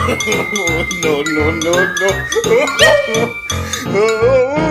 no, no, no, no.